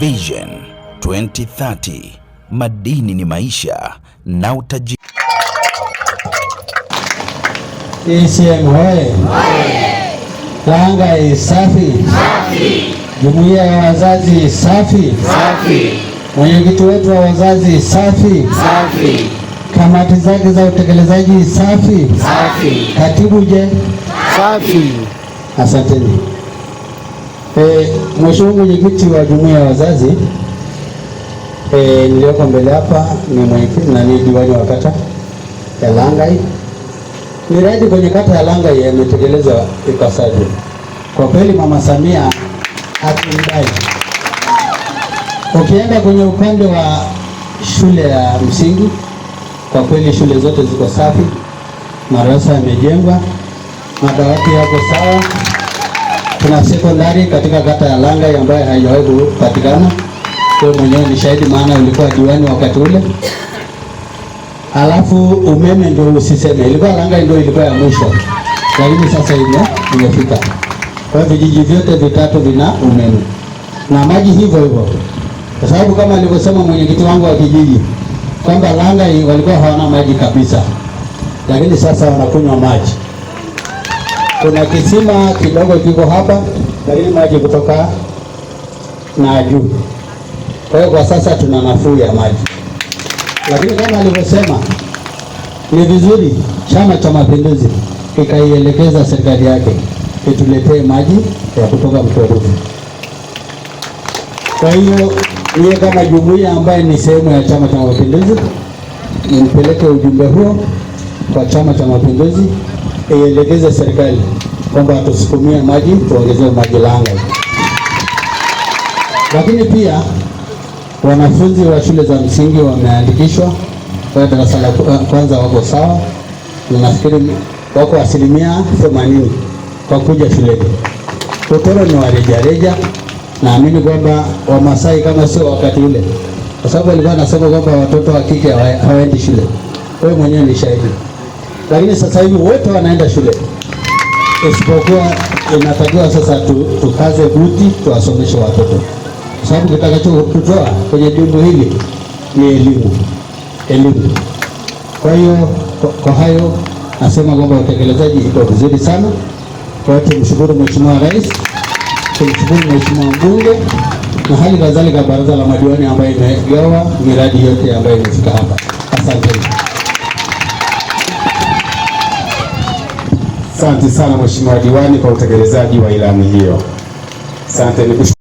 Vision 2030 madini ni maisha na utajiri. Isiemwe Tanga isafi, jumuiya ya wazazi safi, mwenyekiti wetu wa wazazi safi, kamati zake za utekelezaji safi, katibu je safi. Asanteni. E, eh, Mheshimiwa mwenyekiti wa jumuiya ya wazazi e, eh, niliyoko mbele hapa ni diwani wa kata ya Langai. Miradi kwenye kata ya Langai yametekelezwa ipasavyo kwa kweli, mama Samia hatumdai. Ukienda kwenye upande wa shule ya msingi, kwa kweli shule zote ziko safi, madarasa yamejengwa, madawati yako sawa kuna sekondari katika kata ya Langa ambayo haijawahi kupatikana. Wewe mwenyewe ni shahidi, maana ulikuwa diwani wakati ule. Alafu umeme ndio usiseme, ilikuwa Langa ndio ilikuwa ya mwisho, lakini sasa ime imefika. Kwa hiyo vijiji vyote vitatu vina umeme na maji hivyo hivyo, kwa sababu kama alivyosema mwenyekiti wangu wa kijiji kwamba Langa walikuwa hawana maji kabisa, lakini sasa wanakunywa maji. Kuna kisima kidogo kiko hapa, lakini maji kutoka na juu. Kwa hiyo kwa sasa tuna nafuu ya maji, lakini kama alivyosema, ni vizuri Chama cha Mapinduzi ikaielekeza serikali yake ituletee maji ya kutoka Mto Kwa hiyo niye kama jumuiya ambaye ni sehemu ya Chama cha Mapinduzi nipeleke ujumbe huo kwa Chama cha Mapinduzi ielekeze serikali kwamba tusukumie maji, tuongezee maji lango Lakini pia wanafunzi wa shule za msingi wameandikishwa kwa darasa la eh, kwanza, wako sawa, ninafikiri wako asilimia 80 kwa kuja shuleni. Totoro ni warejareja, naamini kwamba Wamasai kama sio wakati ule, kwa sababu alikuwa anasema kwamba watoto wa kike hawaendi shule. Wewe mwenyewe ni shahidi lakini sasa hivi wote wanaenda shule, isipokuwa inatakiwa sasa tu, tukaze buti tuwasomeshe watoto, kwa sababu kitakachotutoa kwenye jumbo hili ni elimu, elimu. Kwa hiyo kwa hayo nasema kwamba utekelezaji iko vizuri sana. Kwa hiyo tumshukuru Mheshimiwa Rais, tumshukuru Mheshimiwa Mbunge na hali kadhalika Baraza la Madiwani ambayo imegawa miradi yote ambayo imefika hapa. asanteni Asante sana Mheshimiwa Diwani kwa utekelezaji wa ilani hiyo. Asante.